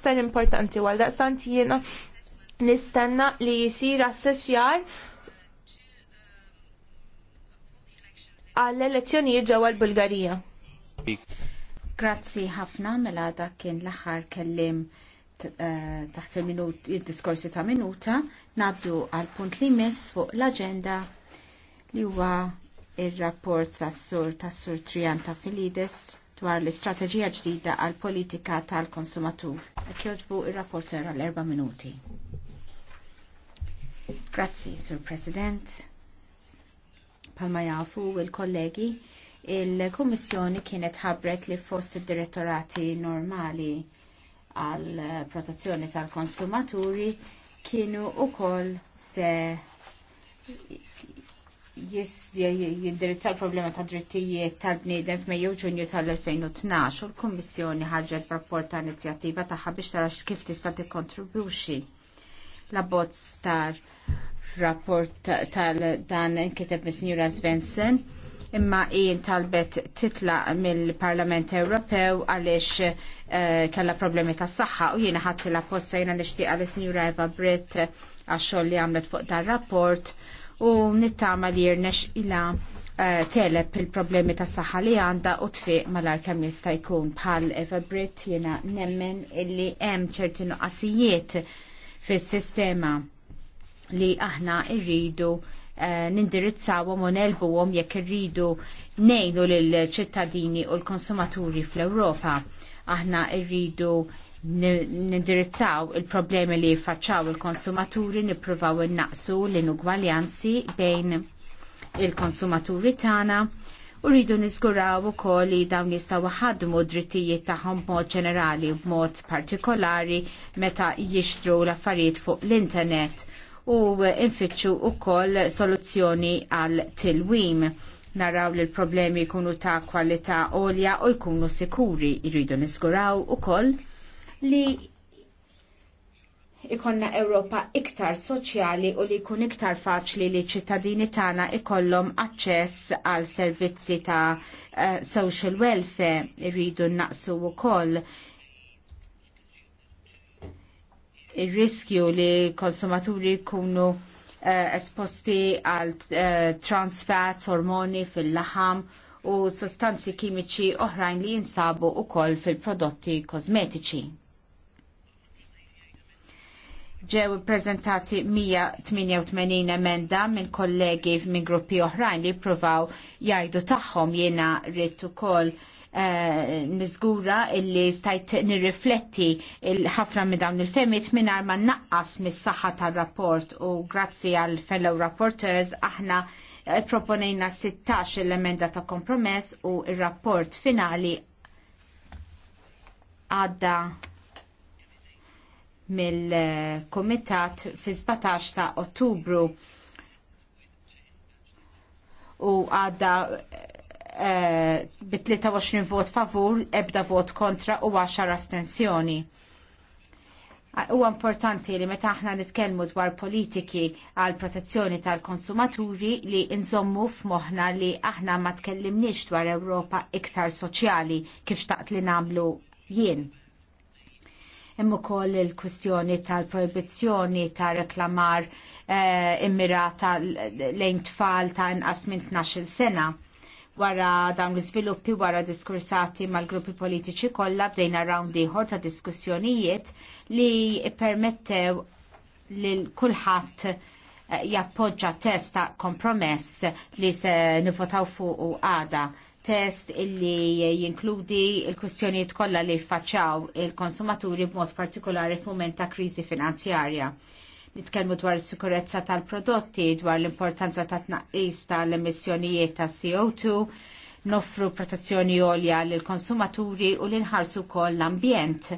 iktar importanti għal daqsant jiena nistenna li jisir assessjar għall-elezzjonijiet ġewwa l-Bulgarija. Grazzi ħafna mela dak kien l-aħħar kellim eh, taħt il-diskorsi ta' minuta naddu għal punt li mis fuq l-agenda li huwa il rapport tas-sur tas-sur Trianta Filides dwar l-istrateġija ġdida għal politika tal-konsumatur. joġbu il-rapporter għal erba minuti. Grazzi, Sur President. Palma jafu il-kollegi, il-Kommissjoni kienet ħabret li fost id-direttorati normali għal protezzjoni tal-konsumaturi kienu u koll se jindirizza l-problema ta' drittijiet tal-bniedem f'Mejju Ġunju tal-2012 u l-Kummissjoni ħarġet rapport ta' inizjattiva tagħha biex tara kif tista' tikkontribwixi l-abbozz tar rapport tal-dan inkiteb mis-Sinjura Svensen imma jien talbet titla mill-Parlament Ewropew għaliex uh, eh, kella problemi ta' saħħa u jiena ħadd la posta jiena nixtieq għal Sinjura Eva Britt għax-xogħol li għamlet fuq dar rapport u nittama li jirnex ila eh, teleb il-problemi ta' saħħa li għanda u tfiq mal-ar kemm jista' jkun bħal Eva Britt jiena nemmen illi hemm ċerti nuqqasijiet fis-sistema li aħna irridu eh, nindirizzawhom u nelbuhom jekk irridu ngħidu lill ċittadini u l-konsumaturi fl-Ewropa. Aħna irridu nindirizzaw il-problemi li faċċaw il-konsumaturi nippruvaw innaqsu l-inugwaljanzi bejn il-konsumaturi tagħna u rridu niżguraw ukoll li dawn jistgħu ħadmu drittijiet tagħhom b'mod ġenerali u b'mod partikolari meta jixtru l-affarijiet fuq l-internet u infittxu wkoll soluzzjoni għal tilwim naraw li l-problemi jkunu ta' kwalità għolja u jkunu sikuri jridu niżguraw ukoll li ikonna Ewropa iktar soċjali u li jkun iktar faċli li ċittadini tagħna ikollhom aċċess għal servizzi ta' uh, social welfare irridu naqsu wkoll ir-riskju li konsumaturi jkunu uh, esposti għal uh, trans fats, ormoni fil-laħam u sostanzi kimiċi oħrajn li jinsabu wkoll fil-prodotti kosmetiċi ġew prezentati 188 emenda minn kollegi minn gruppi oħrajn li provaw jajdu tagħhom jiena rrid ukoll eh, nizgura illi stajt nirrifletti ħafna minn dawn il femit mingħajr ma naqqas mis-saħħa tar-rapport u grazzi għal fellow rapporteurs aħna eh, proponejna 16 l-emenda ta' kompromess u il rapport finali għadda mill-Komitat fi 17 ta' Ottubru u għadda uh, bi 23 vot favur, ebda vot kontra u 10 astensjoni. Huwa importanti li meta aħna nitkellmu dwar politiki għal protezzjoni tal-konsumaturi li nżommu f'moħħna li aħna ma tkellimniex dwar Ewropa iktar soċjali kif xtaqt li nagħmlu jien. Hemm ukoll il-kwistjoni tal-proibizzjoni ta' reklamar eh, immirata lejn tfal ta' inqas minn 12 sena. Wara dawn l-iżviluppi wara diskursati mal-gruppi politiċi kollha bdejna round ieħor ta' diskussjonijiet li permettew lil kulħadd eh, jappoġġa testa kompromess li se nivotaw fuq u għada test illi jinkludi il-kwistjonijiet kollha li jfaċċaw il-konsumaturi b'mod partikolari f'mument ta' kriżi finanzjarja. Nitkellmu dwar is-sikurezza tal-prodotti, dwar l-importanza ta' tnaqqis tal-emissjonijiet ta' CO2, noffru protezzjoni għolja lill konsumaturi u l-inħarsu kol l-ambjent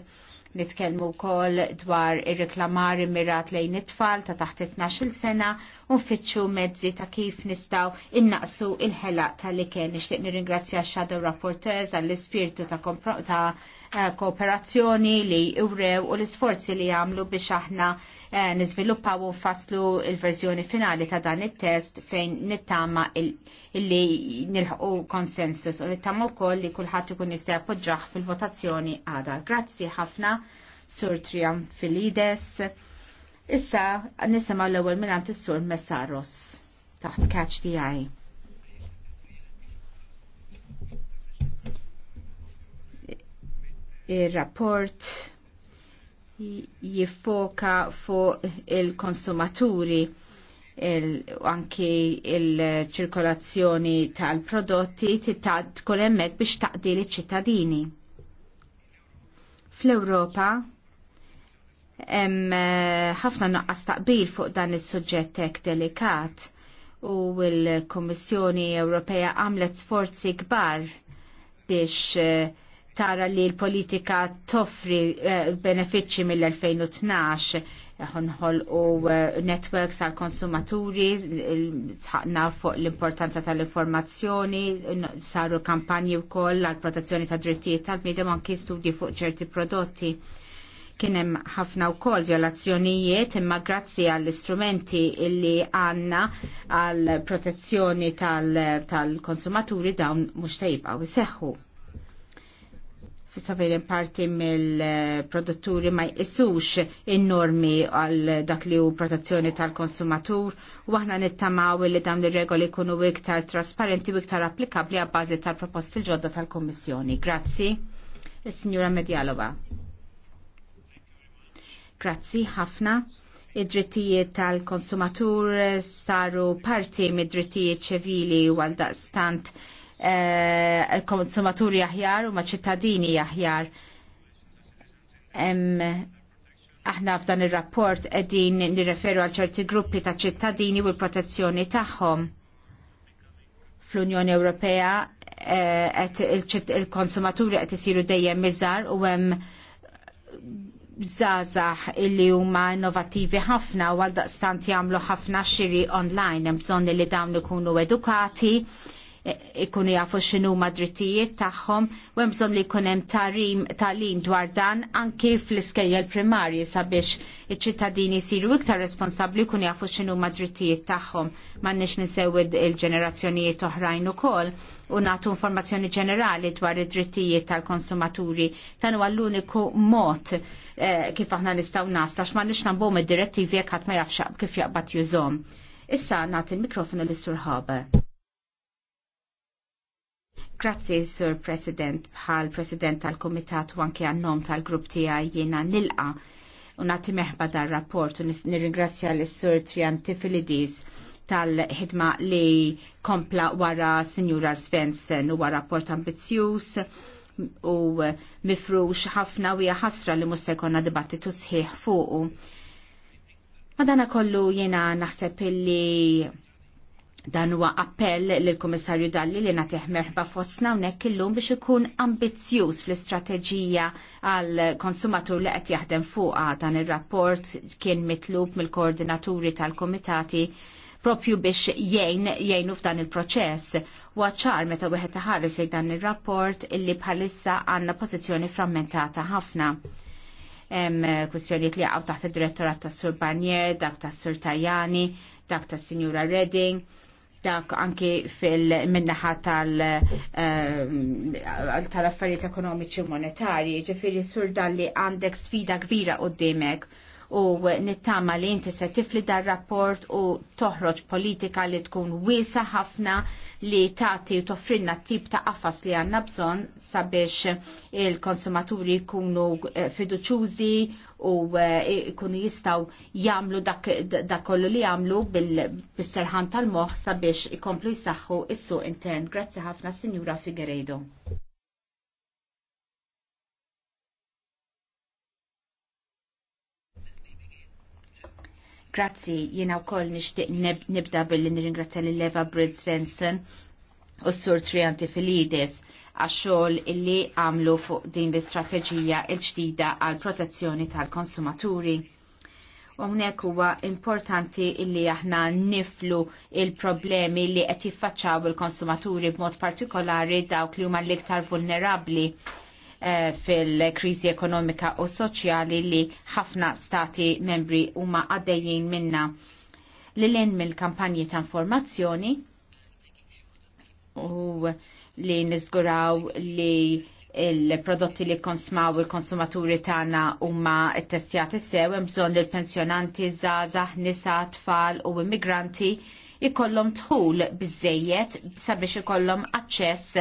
Nitkellmu wkoll dwar ir-reklamar immirat lejn it-tfal ta' taħt 12 sena u nfittxu mezzi ta' kif nistgħu innaqsu il-ħela tal-ikel. Nixtieq nirringrazzja x-Shadow Rapporteurs għall-ispirtu ta' ta' eh, kooperazzjoni li urew u l-isforzi li għamlu biex aħna Eh, niżviluppaw u faslu il-verżjoni finali ta' dan it-test fejn nittama illi nilħu konsensus u nittama wkoll li kulħadd ikun jista' jappoġġah fil-votazzjoni għada. Grazzi ħafna Sur Triam Filides. Issa nisimgħu l-ewwel minn il sur Messaros taħt catch the eye. il-rapport jiffoka fuq il-konsumaturi u anki il-ċirkolazzjoni tal-prodotti tkun hemmhekk biex taqdi l-ċittadini. Fl-Ewropa hemm eh, ħafna noqqas taqbil fuq dan is-suġġett hekk delikat u l-Kummissjoni Ewropea għamlet sforzi kbar biex eh, tara li l-politika toffri eh, benefiċċji mill-2012 ħonħol u eh, networks għal konsumaturi, sħaqna fuq l-importanza tal-informazzjoni, saru kampanji u koll għal protezzjoni ta' drittijiet tal-bnidem anki studji fuq ċerti prodotti. Kienem ħafna u koll violazzjonijiet imma grazzi għall-istrumenti illi għanna għal protezzjoni tal-konsumaturi dawn mux tajibqaw seħu in parti mill-produtturi ma jissux in-normi għal dak li hu protezzjoni tal-konsumatur u aħna nittamaw li dawn ir-regoli jkunu iktar trasparenti u iktar applikabbli għal bażi tal-proposti l-ġodda tal-Kommissjoni. Grazzi. il sinjura Medjalova. Grazzi ħafna id-drittijiet tal-konsumatur saru parti mid-drittijiet ċivili għal daqstant Eh, konsumaturi aħjar u ma' ċittadini aħjar. Aħna f'dan ir-rapport qegħdin nirreferu għal ċerti gruppi ta' ċittadini u l-protezzjoni tagħhom. Fl-Unjoni Ewropea eh, il-konsumaturi qed isiru dejjem iżgħar u hemm zazax illi huma innovattivi ħafna u għal daqstant jagħmlu ħafna xiri online hemm bżonn li dawn ikunu edukati ikunu jafu xinu ma drittijiet tagħhom u jemżon bżonn li jkun hemm tarim talim dwar dan anki fl-iskejjel primarji sabiex iċ-ċittadini jsiru iktar responsabbli jkunu jafu xinu ma drittijiet tagħhom. M'għandniex ninsew il-ġenerazzjonijiet oħrajn ukoll u nagħtu informazzjoni ġenerali dwar id-drittijiet tal-konsumaturi. tanu huwa l-uniku mod eh, kif aħna nistgħu tax m'għandniex nambhom id-direttivi jekk ħadd ma jafxab kif jaqbad jużhom. Issa nagħti l-mikrofonu l sur Haber. Grazzi, Sur President, bħal President tal-Komitat u anke għannom tal-grupp tiegħi jiena nilqa u nagħti meħba dar-rapport u nirringrazzja l-Sur Trian Tifilidis tal-ħidma li kompla wara Sinjura Svensen u wara rapport ambizzjuż u mifrux ħafna u hija ħasra li mhux se jkollna dibattitu sħiħ fuqu. Madana kollu jena naħseb illi Dan huwa appell lill kummissarju Dalli li nagħtih merħba fostna hawnhekk illum biex ikun ambizzjuż fl-istrateġija għal konsumatur li qed jaħdem fuqha dan ir-rapport kien mitlub mill-koordinaturi tal-komitati propju biex jgħin jgħinu f'dan il-proċess. Waċċar meta wieħed ħares dan ir-rapport illi bħalissa għandna pożizzjoni frammentata ħafna. Hemm eh, kwistjonijiet li jaqgħu taħt id-direttorat tas-Sur Barnier, dak tas-Sur Tajani, dak tas-Sinjura Redding dak anki fil-minnaħa eh, tal-affarijiet ekonomiċi u monetari, ġifiri sur li għandek sfida kbira qoddimek u nittama li inti se tifli dar rapport u toħroġ politika li tkun wiesa ħafna li tagħti u toffrinna tip ta' qafas li għandna bżonn sabiex il-konsumaturi jkunu eh, fiduċjużi u jkunu eh, jistgħu jagħmlu dak, dak kollu li jagħmlu bil serħan tal-moħħ sabiex ikomplu jsaħħu is-suq intern. Grazzi ħafna Sinjura Figueredo. Grazzi, jiena wkoll nixtieq nibda billi nirringrazzja li Leva Brid Svensson u s-sur Trianti Filides għax-xogħol illi għamlu fuq din l-istrateġija l-ġdida għal protezzjoni tal-konsumaturi. U Unek huwa importanti illi aħna niflu il-problemi li qed jiffaċċaw il-konsumaturi b'mod partikolari dawk li huma l-iktar vulnerabbli Eh, fil-krizi ekonomika u soċjali li ħafna stati membri huma għaddejjin minna li l mill-kampanji ta' informazzjoni u li nizguraw li il-prodotti li konsmaw il-konsumaturi tagħna huma testjati sew hemm bżonn il-pensjonanti, żgħażagħ, nisa, tfal u immigranti ikollhom tħul biżejjed sabiex ikollhom aċċess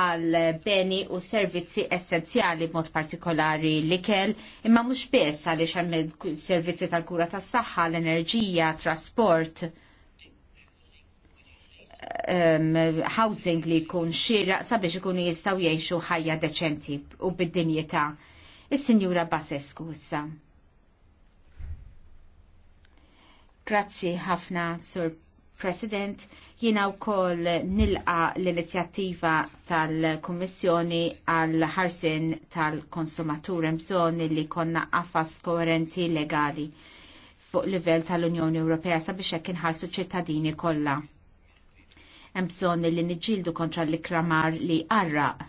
għal beni u servizzi essenzjali b'mod partikolari l-ikel, imma mhux biss għaliex hemm servizzi tal-kura tas-saħħa, l-enerġija, trasport um, housing li jkun xira sabiex ikunu jistaw jgħixu ħajja deċenti u bid-dinjeta. Is-Sinjura Basescu issa. Grazzi ħafna, Sur President, jina u koll nilqa l-inizjattiva tal-Kommissjoni għal ħarsin tal-konsumatur imżon li konna għafas koerenti legali fuq livell tal-Unjoni Ewropea sabiex hekk inħarsu ċittadini kollha. Hemm bżonn li niġġieldu kontra l-ikramar li arraq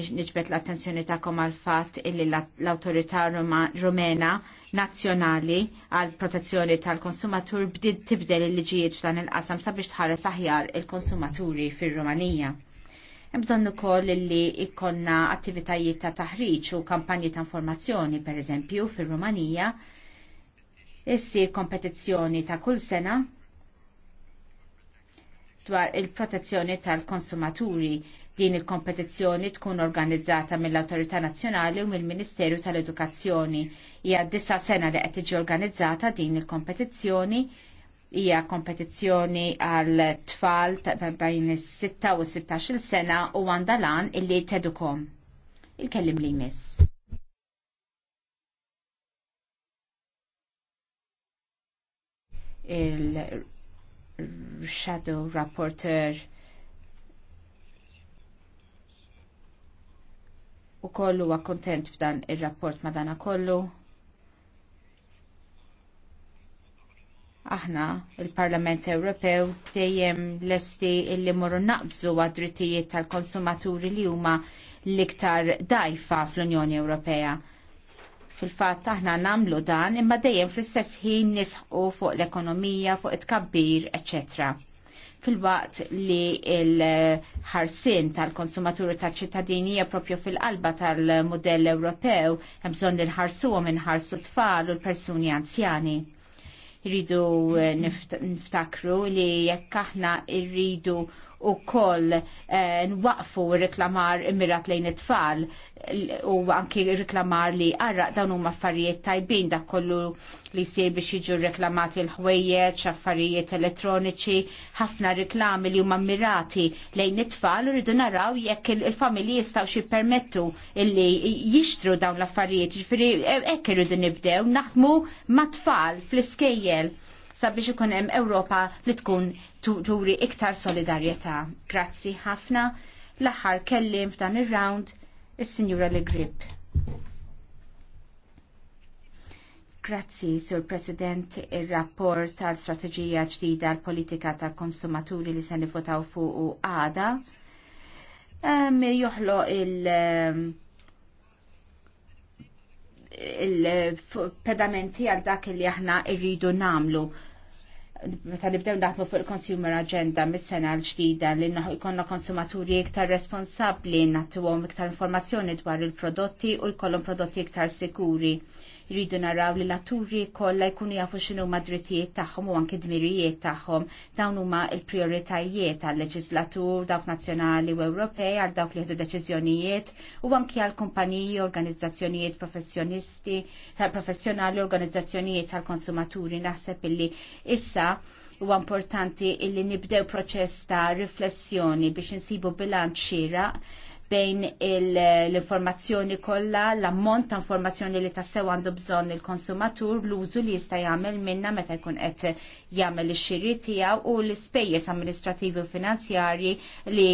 niġbet l-attenzjoni tagħkom għal fat illi l awtorità rumena nazzjonali għal protezzjoni tal-konsumatur bdiet tibdel il-liġijiet f'dan il-qasam sabiex tħares aħjar il-konsumaturi fir-Rumanija. Hemm bżonn ukoll li jkollna attivitajiet ta' taħriġ u kampanji ta' informazzjoni pereżempju fir-Rumanija issir kompetizzjoni ta' kull sena dwar il-protezzjoni tal-konsumaturi. Din il-kompetizzjoni tkun organizzata mill-Autorità Nazzjonali u mill-Ministeru tal-Edukazzjoni. Hija disa sena li qed tiġi organizzata din il-kompetizzjoni hija kompetizzjoni għal tfal bejn is-6 u 16 sena u għandalan illi tedukom. Il-kellim li miss. il shadow rapporteur u kollu huwa kontent b'dan ir-rapport dana kollu. Aħna, il-Parlament Ewropew, dejjem lesti illi morru naqbżu għad-drittijiet tal-konsumaturi li huma l-iktar dajfa fl-Unjoni Ewropea Fil-fatt aħna namlu dan imma dejjem fl-istess ħin nisħu fuq l-ekonomija, fuq it-kabbir, etc. fil-waqt li l ħarsin tal-konsumaturi tal-ċittadini hija propju fil-qalba tal-modell Ewropew hemm bżonn li nħarsu minħarsu tfal u l-persuni anzjani. Irridu niftakru li jekk aħna irridu u koll eh, nwaqfu reklamar immirat lejn it-tfal u anki reklamar li għarra dawn huma affarijiet tajbin dak kollu li jsir biex jiġu reklamati l-ħwejjeġ, affarijiet elettroniċi, ħafna reklami li huma mirati lejn it-tfal u rridu naraw jekk il-familji jistgħu xi permettu illi jixtru dawn l-affarijiet, ġifieri e- hekk irridu nibdew naħdmu mat-tfal fl-iskejjel sabiex ikun hemm Ewropa li tkun turi iktar solidarjetà. Grazzi ħafna. L-aħħar kellim f'dan ir-round is-Sinjura Le Grip. Grazzi, Sur President, il-rapport tal-strategija ġdida l-politika tal-konsumaturi li se nifotaw fuq u għada. joħlo il- il-pedamenti għal dak li aħna irridu namlu meta nibdew naħdmu fuq il-consumer agenda mis-sena l-ġdida li jkollna konsumaturi iktar responsabbli nagħtuhom iktar informazzjoni dwar il-prodotti u jkollhom prodotti iktar sikuri. Rridu naraw li l-atturi kollha jkunu jafu x'inhu drittijiet tagħhom u anke dmirijiet tagħhom. Dawn huma l-prijoritajiet għal-leġislatur dawk nazzjonali u Ewropej għal dawk li jieħdu deċiżjonijiet u anke għal kumpaniji, organizzazzjonijiet professjonisti, professjonali, organizzazzjonijiet tal-konsumaturi naħseb illi issa huwa importanti illi nibdew proċess ta' riflessjoni biex insibu bilanċ xieraq bejn l-informazzjoni kollha, l-ammont ta' informazzjoni li tassew għandu bżonn il-konsumatur, l-użu li jista' jagħmel minna meta jkun qed jagħmel ix-xiri tiegħu u l-ispejjeż amministrativi u finanzjarji li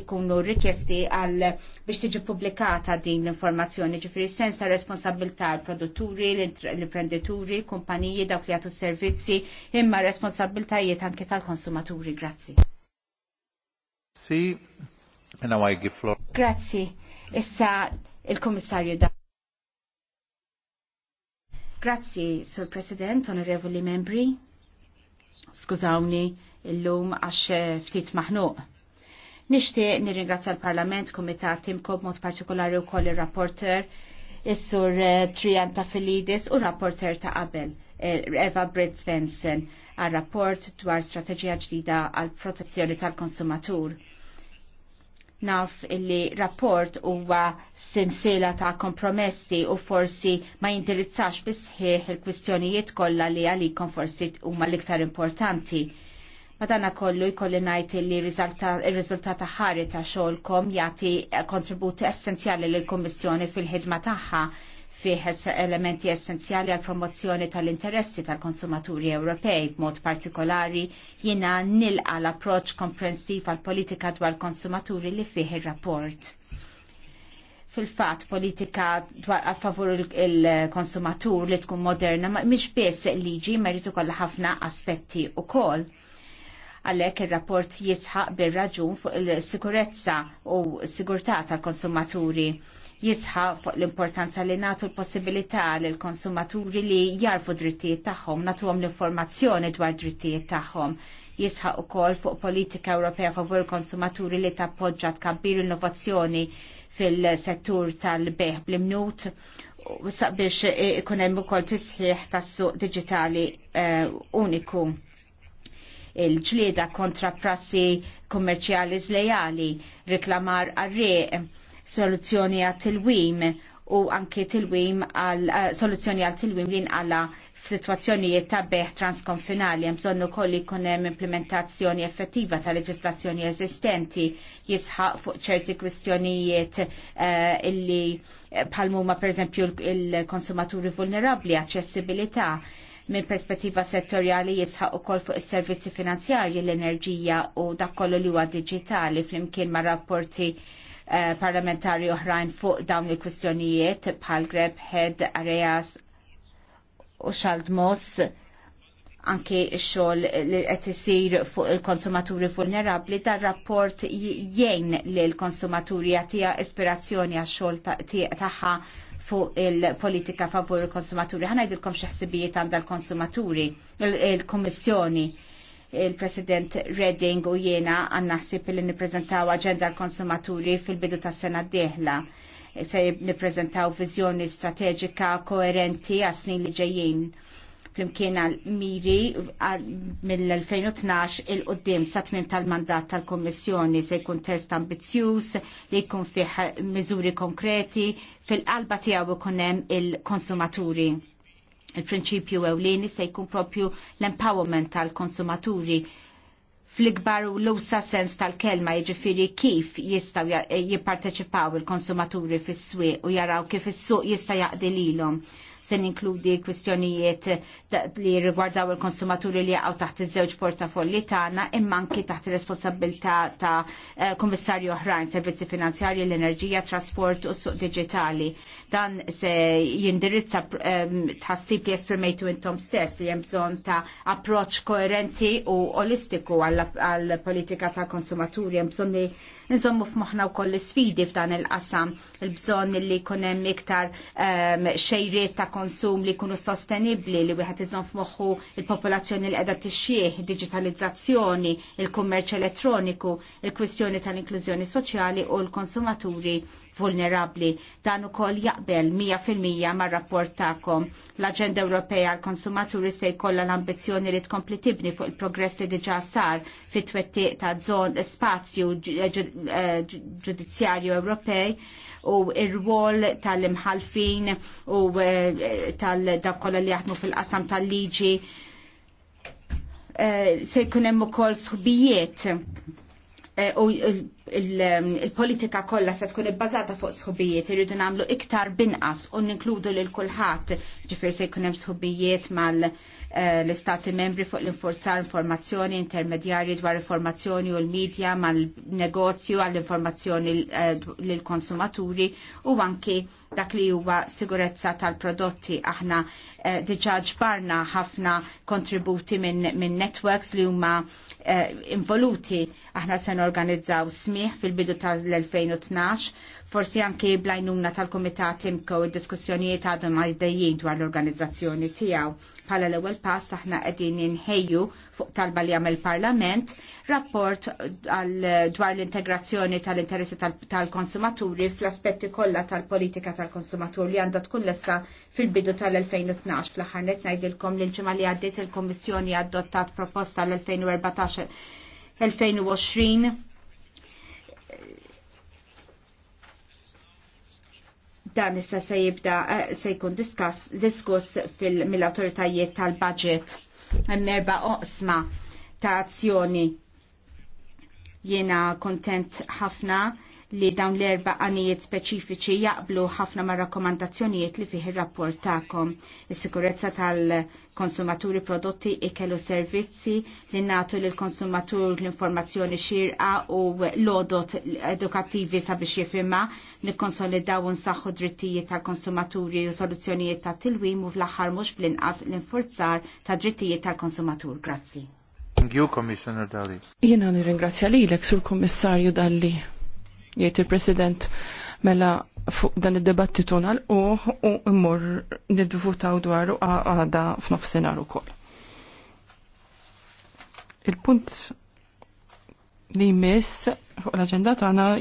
jkunu rikjesti għal biex tiġi pubblikata din l-informazzjoni, ġifieri sens ta' responsabilità l-produtturi, l-imprenditturi, kumpaniji dawk li għatu servizzi, imma responsabiltajiet anke tal-konsumaturi. Grazzi. Si, Now I give floor. Grazzi. Issa il-Komissarju da. Grazzi, Sur President, Onorevoli Membri. Skużawni illum għax eh, ftit maħnuq. Nishtiq nirringrazzja l-Parlament, Komitat Timkob mod partikolari u koll il-rapporter, il-sur eh, Trianta Filidis u rapporter ta' qabel, eh, Eva Britt Svensson, għal-rapport dwar strategija ġdida għal protezzjoni tal-konsumatur naf li rapport huwa sensiela ta' kompromessi u forsi ma jindirizzax bisħieħ il-kwistjonijiet kollha li għalikom forsi huma l-iktar importanti. Madana kollu jkolli najt li il-rizultat ħari ta' xolkom jati kontributi essenzjali l-Kommissjoni fil-ħidma tagħha fih elementi essenzjali għal promozzjoni tal-interessi tal-konsumaturi Ewropej b'mod partikolari jiena nilqa l-approċ komprensiv għal politika dwar konsumaturi li fih ir-rapport. Fil-fat, politika dwar għaffavur favur il-konsumatur li tkun moderna, miex biss liġi, meritu kolla ħafna aspetti u kol. Għalhekk ir-rapport jisħaq bil raġun fuq il-sikurezza u sigurtà tal-konsumaturi jisħaq fuq l-importanza li nagħtu l-possibilità lill konsumaturi li jarfu drittijiet tagħhom, nagħtuhom l-informazzjoni dwar drittijiet tagħhom jisħaq ukoll fuq politika Ewropea favur konsumaturi li tappoġġa tkabbir innovazzjoni fil-settur tal-beħ bl-imnut biex ikun hemm ukoll tisħiħ tas-suq diġitali eh, uniku il-ġlieda kontra prassi kommerċjali zlejali, riklamar arre soluzzjoni għat tilwim u anke tilwim għal eh, soluzzjoni għal tilwim li nqala f'sitwazzjonijiet ta' beħ transkonfinali hemm bżonn ukoll jkun hemm implementazzjoni effettiva ta' leġislazzjoni eżistenti jisħaq fuq ċerti kwistjonijiet uh, illi bħalmuma pereżempju il-konsumaturi vulnerabbli, aċċessibilità, minn perspettiva settorjali jisħaq ukoll fuq is-servizzi finanzjarji l-enerġija u dak kollu li huwa diġitali flimkien ma' rapporti eh, parlamentari oħrajn fuq dawn il-kwistjonijiet bħal Greb, Head, Areas u Xaldmos anke x-xogħol li qed isir fuq il-konsumaturi vulnerabbli dar rapport jgħin li l-konsumaturi għatija ispirazzjoni għax-xogħol tagħha ta fuq il-politika favur il-konsumaturi. Ħanajdilkom xaħsibijiet għanda l-konsumaturi, il komissjoni il-President Redding u jena għannaħsib li niprezentaw agenda l-konsumaturi fil-bidu ta' sena d-dieħla. Se niprezentaw vizjoni strategika koerenti għas snin li ġejjin flimkien miri mill-2012 il-qoddim sa tmim tal-mandat tal-Kommissjoni se jkun test ambizzjuż li jkun fih miżuri konkreti fil-qalba tiegħu ikun hemm il-konsumaturi. Il-prinċipju ewlieni se jkun propju l-empowerment tal-konsumaturi fl-ikbar u l-usa sens tal-kelma jiġifieri kif jistaw eh, jipparteċipaw il-konsumaturi fis-swieq u jaraw kif is-suq jista' jaqdi lilhom se ninkludi kwistjonijiet li rigwardaw il-konsumaturi li jaqgħu taħt iż-żewġ portafolli tagħna imma anki taħt ir-responsabilità ta' eh, kummissarju oħrajn servizzi finanzjarji, l-enerġija, trasport u suq digitali. Dan se jindirizza ehm, tħassib li esprimejtu intom stess li hemm bżonn ta' approċċ koerenti u olistiku għall-politika tal konsumaturi hemm bżonn li Nżommu f'moħna wkoll l-sfidi f'dan il-qasam, il-bżonn li jkun hemm iktar ehm, xejriet ta' konsum li jkunu sostenibbli li wieħed iżomm f'moħħu il-popolazzjoni li qiegħda tixxieħ, digitalizzazzjoni, il-kummerċ elettroniku, il-kwistjoni tal-inklużjoni soċjali u l-konsumaturi vulnerabli. Dan ukoll jaqbel 100% mar rapport tagħkom. L-Aġenda Ewropea għall konsumaturi se jkollha l-ambizzjoni li tkompli tibni fuq il-progress li diġà sar fit twettiq ta' żon spazju eh, eh, ġudizzjarju Ewropej u ir-rwol tal-imħalfin u eh, tal-dakolla li jaħdmu fil-qasam tal-liġi se jkun hemm ukoll sħubijiet u Um, il-politika kollha se tkun ibbażata fuq sħubijiet irridu nagħmlu iktar binqas u ninkludu lil kulħadd ġifier se jkun hemm sħubijiet mal eh, l-istati membri fuq l-infurzar informazzjoni intermedjarji dwar informazzjoni u l-medja mal-negozju għall-informazzjoni eh, lill-konsumaturi u anki dak li huwa sigurezza tal-prodotti aħna eh, ġbarna ħafna kontributi minn min networks li huma eh, involuti aħna se organizzaw smieħ fil-bidu tal-2012, forsi anki blajnuna tal-komitat imko id-diskussjonijiet għadhom għal-dajjien dwar l-organizzazzjoni tijaw. Pala l-ewel pass aħna qegħdin inħeju fuq talba li għamil parlament rapport dwar l-integrazzjoni tal-interessi tal-konsumaturi fl-aspetti kollha tal-politika tal-konsumaturi li għandha tkun lesta fil-bidu tal-2012 fl-aħħar net ngħidilkom l-ġimgħa li għaddiet il komissjoni adottat proposta l-2014 2020 dan issa se jibda eh, se jkun diskuss mill-autoritajiet tal-budget merba oqsma ta' azzjoni. Jiena kontent ħafna li dawn l-erba għanijiet speċifiċi jaqblu ħafna ma' rakkomandazzjonijiet li fih ir-rapport Is-sikurezza tal-konsumaturi prodotti ikelu servizzi li natu l konsumatur l-informazzjoni xirqa u lodot edukattivi sabiex konsolidaw nikkonsolidaw nsaħħu drittijiet tal-konsumaturi u soluzzjonijiet ta' tilwim u fl-aħħar mhux bl-inqas l-infurzar ta' drittijiet tal-konsumatur. Grazzi. Thank you, Commissioner Dalli. Jiena nirringrazzja lilek sur Kummissarju Dalli jgħid il-President mela fuq dan id-debattitu nagħlqu u mmur nidvutaw dwaru għada f'nofsinhar ukoll. Il-punt li jmiss fuq l-aġenda tagħna